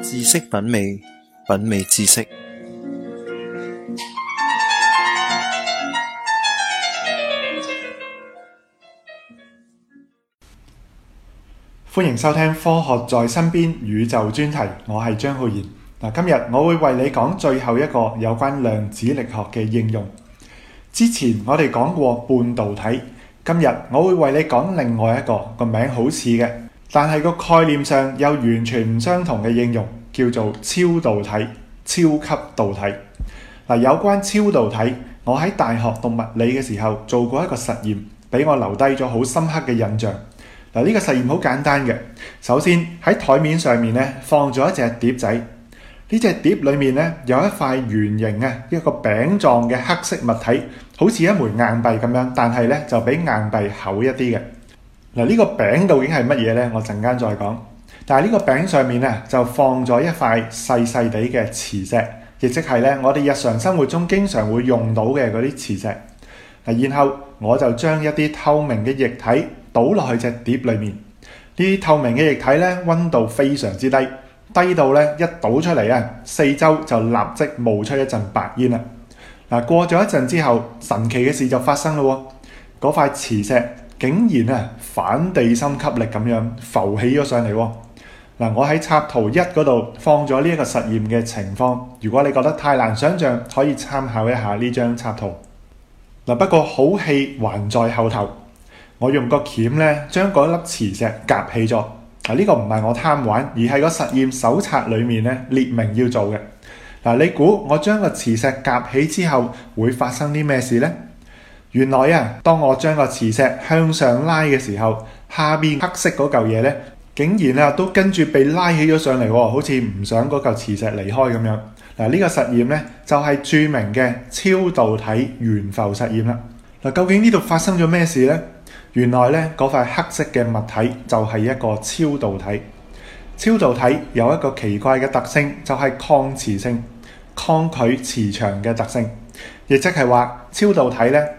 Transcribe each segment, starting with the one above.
知識品味，品味知識。歡迎收聽《科學在身邊·宇宙》專題，我係張浩然。嗱，今日我會為你講最後一個有關量子力學嘅應用。之前我哋講過半導體，今日我會為你講另外一個個名好似嘅。但係個概念上又完全唔相同嘅應用，叫做超導體、超級導體。嗱，有關超導體，我喺大學讀物理嘅時候做過一個實驗，俾我留低咗好深刻嘅印象。嗱，呢個實驗好簡單嘅，首先喺台面上面咧放咗一隻碟仔，呢隻碟裡面咧有一塊圓形啊一個餅狀嘅黑色物體，好似一枚硬幣咁樣，但係咧就比硬幣厚一啲嘅。嗱，呢個餅究竟係乜嘢呢？我陣間再講。但係呢個餅上面啊，就放咗一塊細細地嘅磁石，亦即係咧，我哋日常生活中經常會用到嘅嗰啲磁石。然後我就將一啲透明嘅液體倒落去隻碟裡面。呢啲透明嘅液體咧，溫度非常之低，低到咧一倒出嚟啊，四周就立即冒出一陣白煙啦。嗱，過咗一陣之後，神奇嘅事就發生啦。嗰塊磁石。竟然啊，反地心吸力咁樣浮起咗上嚟喎！嗱，我喺插圖一嗰度放咗呢一個實驗嘅情況。如果你覺得太難想象，可以參考一下呢張插圖。嗱，不過好戲還在後頭。我用個鉗咧，將嗰粒磁石夾起咗。啊，呢個唔係我貪玩，而係個實驗手冊裏面咧列明要做嘅。嗱，你估我將個磁石夾起之後會發生啲咩事呢？原來啊，當我將個磁石向上拉嘅時候，下邊黑色嗰嚿嘢咧，竟然啊都跟住被拉起咗上嚟，哦，好似唔想嗰嚿磁石離開咁樣嗱。呢、這個實驗咧就係、是、著名嘅超導體懸浮實驗啦。嗱，究竟呢度發生咗咩事呢？原來咧，嗰塊黑色嘅物體就係一個超導體。超導體有一個奇怪嘅特性，就係、是、抗磁性，抗拒磁場嘅特性，亦即係話超導體咧。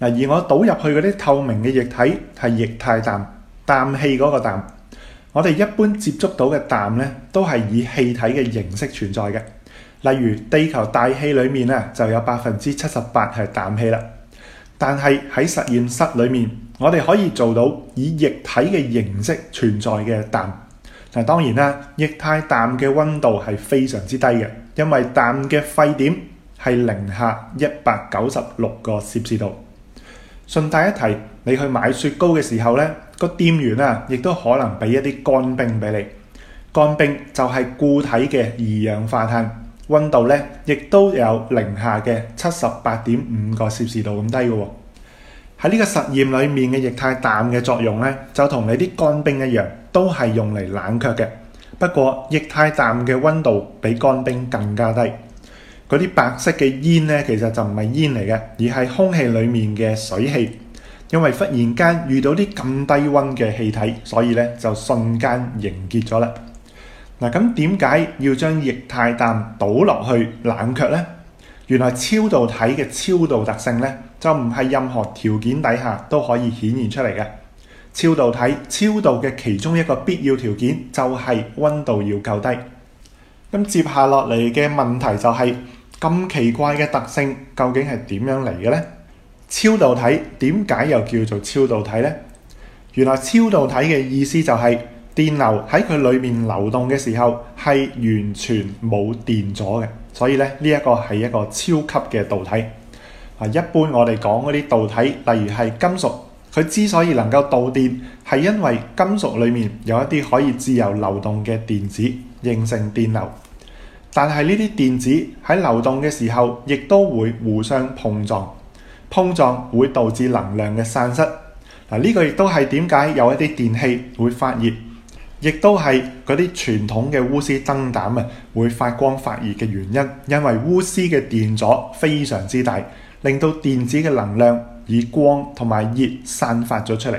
嗱，而我倒入去嗰啲透明嘅液體係液態氮，氮氣嗰個氮。我哋一般接觸到嘅氮咧，都係以氣體嘅形式存在嘅。例如地球大氣裡面咧，就有百分之七十八係氮氣啦。但係喺實驗室裏面，我哋可以做到以液體嘅形式存在嘅氮。嗱，當然啦，液態氮嘅溫度係非常之低嘅，因為氮嘅沸點係零下一百九十六個攝氏度。順帶一提，你去買雪糕嘅時候咧，個店員啊，亦都可能俾一啲乾冰俾你。乾冰就係固體嘅二氧化碳，溫度咧亦都有零下嘅七十八點五個攝氏度咁低嘅喎。喺呢個實驗裏面嘅液態氮嘅作用咧，就同你啲乾冰一樣，都係用嚟冷卻嘅。不過液態氮嘅溫度比乾冰更加低。嗰啲白色嘅煙咧，其實就唔係煙嚟嘅，而係空氣裡面嘅水氣，因為忽然間遇到啲咁低温嘅氣體，所以咧就瞬間凝結咗啦。嗱、啊，咁點解要將液態氮倒落去冷卻呢？原來超導體嘅超導特性咧，就唔係任何條件底下都可以顯現出嚟嘅。超導體超導嘅其中一個必要條件就係温度要夠低。咁接下落嚟嘅問題就係、是。咁奇怪嘅特性究竟係點樣嚟嘅呢？超導體點解又叫做超導體呢？原來超導體嘅意思就係、是、電流喺佢裏面流動嘅時候係完全冇電阻嘅，所以咧呢一個係一個超級嘅導體。啊，一般我哋講嗰啲導體，例如係金屬，佢之所以能夠導電，係因為金屬裏面有一啲可以自由流動嘅電子，形成電流。但係呢啲電子喺流動嘅時候，亦都會互相碰撞，碰撞會導致能量嘅散失嗱。呢個亦都係點解有一啲電器會發熱，亦都係嗰啲傳統嘅鎢絲燈膽啊會發光發熱嘅原因，因為鎢絲嘅電阻非常之大，令到電子嘅能量以光同埋熱散發咗出嚟。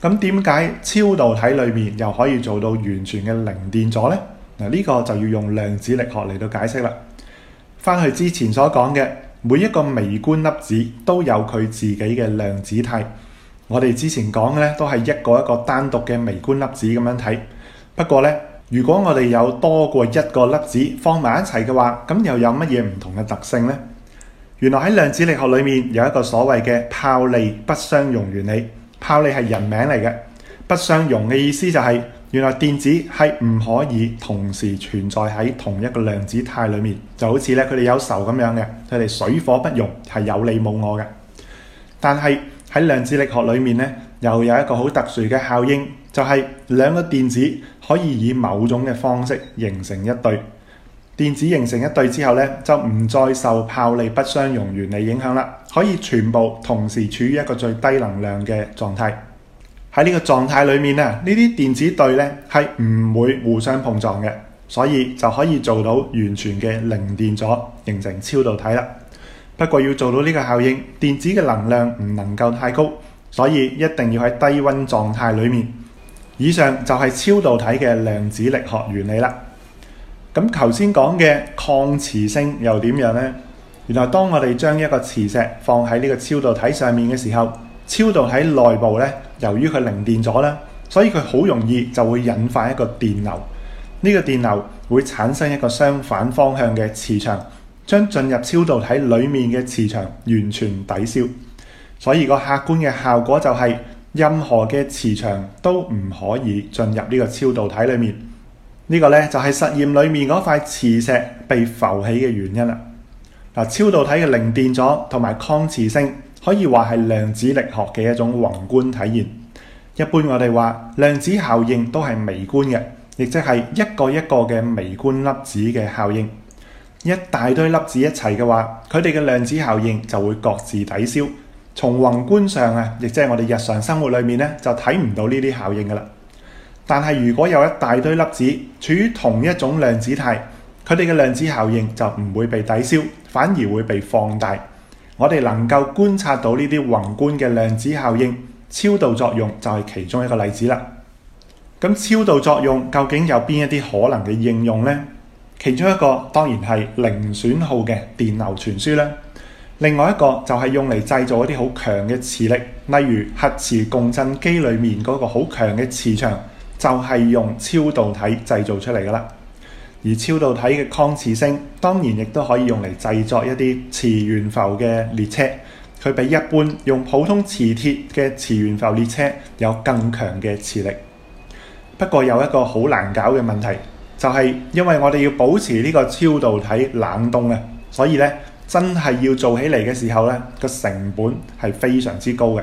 咁點解超導體裏面又可以做到完全嘅零電阻呢？嗱，呢個就要用量子力學嚟到解釋啦。翻去之前所講嘅，每一個微觀粒子都有佢自己嘅量子態。我哋之前講嘅咧，都係一個一個單獨嘅微觀粒子咁樣睇。不過呢，如果我哋有多過一個粒子放埋一齊嘅話，咁又有乜嘢唔同嘅特性呢？原來喺量子力學裏面有一個所謂嘅泡利不相容原理。泡利係人名嚟嘅，不相容嘅意思就係、是、原來電子係唔可以同時存在喺同一個量子態裏面，就好似咧佢哋有仇咁樣嘅，佢哋水火不容，係有你冇我嘅。但係喺量子力學裏面咧，又有一個好特殊嘅效應，就係、是、兩個電子可以以某種嘅方式形成一對。電子形成一對之後咧，就唔再受泡利不相容原理影響啦，可以全部同時處於一個最低能量嘅狀態。喺呢個狀態裡面啊，呢啲電子對咧係唔會互相碰撞嘅，所以就可以做到完全嘅零電阻，形成超導體啦。不過要做到呢個效應，電子嘅能量唔能夠太高，所以一定要喺低溫狀態裡面。以上就係超導體嘅量子力學原理啦。咁頭先講嘅抗磁性又點樣呢？原來當我哋將一個磁石放喺呢個超導體上面嘅時候，超導體內部咧，由於佢零電阻啦，所以佢好容易就會引發一個電流。呢、呢個電流會產生一個相反方向嘅磁場，將進入超導體裡面嘅磁場完全抵消。所以個客觀嘅效果就係、係、任何嘅磁場都唔可以進入呢個超導體裡面。呢個咧就係實驗裏面嗰塊磁石被浮起嘅原因啦。嗱，超導體嘅零電阻同埋抗磁性可以話係量子力學嘅一種宏觀體現。一般我哋話量子效應都係微觀嘅，亦即係一個一個嘅微觀粒子嘅效應。一大堆粒子一齊嘅話，佢哋嘅量子效應就會各自抵消。從宏觀上啊，亦即係我哋日常生活裏面咧，就睇唔到呢啲效應噶啦。但係，如果有一大堆粒子處於同一種量子態，佢哋嘅量子效應就唔會被抵消，反而會被放大。我哋能夠觀察到呢啲宏觀嘅量子效應，超導作用就係其中一個例子啦。咁超導作用究竟有邊一啲可能嘅應用呢？其中一個當然係零損耗嘅電流傳輸啦。另外一個就係用嚟製造一啲好強嘅磁力，例如核磁共振機裏面嗰個好強嘅磁場。就係用超導體製造出嚟噶啦，而超導體嘅抗磁性當然亦都可以用嚟製作一啲磁懸浮嘅列車，佢比一般用普通磁鐵嘅磁懸浮列車有更強嘅磁力。不過有一個好難搞嘅問題，就係因為我哋要保持呢個超導體冷凍啊，所以咧真係要做起嚟嘅時候咧個成本係非常之高嘅。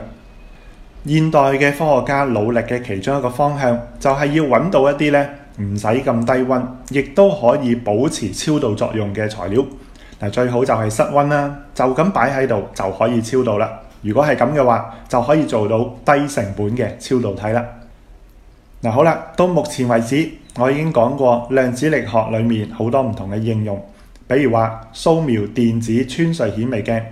現代嘅科學家努力嘅其中一個方向，就係、是、要揾到一啲咧唔使咁低溫，亦都可以保持超導作用嘅材料。嗱，最好就係室溫啦，就咁擺喺度就可以超導啦。如果係咁嘅話，就可以做到低成本嘅超導體啦。嗱、嗯，好啦，到目前為止，我已經講過量子力學裡面好多唔同嘅應用，比如話掃描電子穿隧顯微鏡。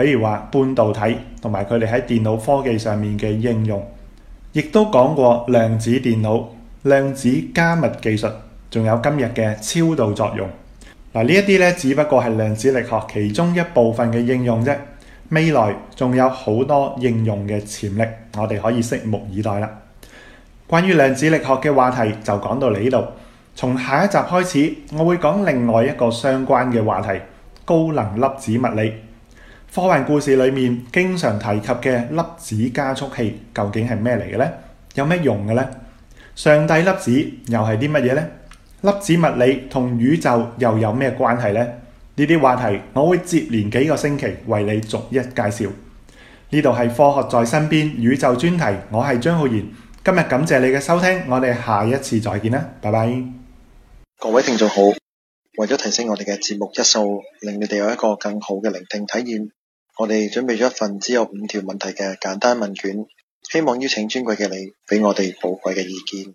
比如話半導體同埋佢哋喺電腦科技上面嘅應用，亦都講過量子電腦、量子加密技術，仲有今日嘅超導作用嗱。呢一啲咧，只不過係量子力學其中一部分嘅應用啫。未來仲有好多應用嘅潛力，我哋可以拭目以待啦。關於量子力學嘅話題就講到你呢度，從下一集開始，我會講另外一個相關嘅話題——高能粒子物理。科幻故事裏面經常提及嘅粒子加速器究竟係咩嚟嘅呢？有咩用嘅呢？上帝粒子又係啲乜嘢呢？粒子物理同宇宙又有咩關係呢？呢啲話題，我會接連幾個星期為你逐一介紹。呢度係科學在身邊宇宙專題，我係張浩然。今日感謝你嘅收聽，我哋下一次再見啦，拜拜！各位聽眾好，為咗提升我哋嘅節目質素，令你哋有一個更好嘅聆聽體驗。我哋準備咗一份只有五條問題嘅簡單問卷，希望邀請尊貴嘅你俾我哋寶貴嘅意見。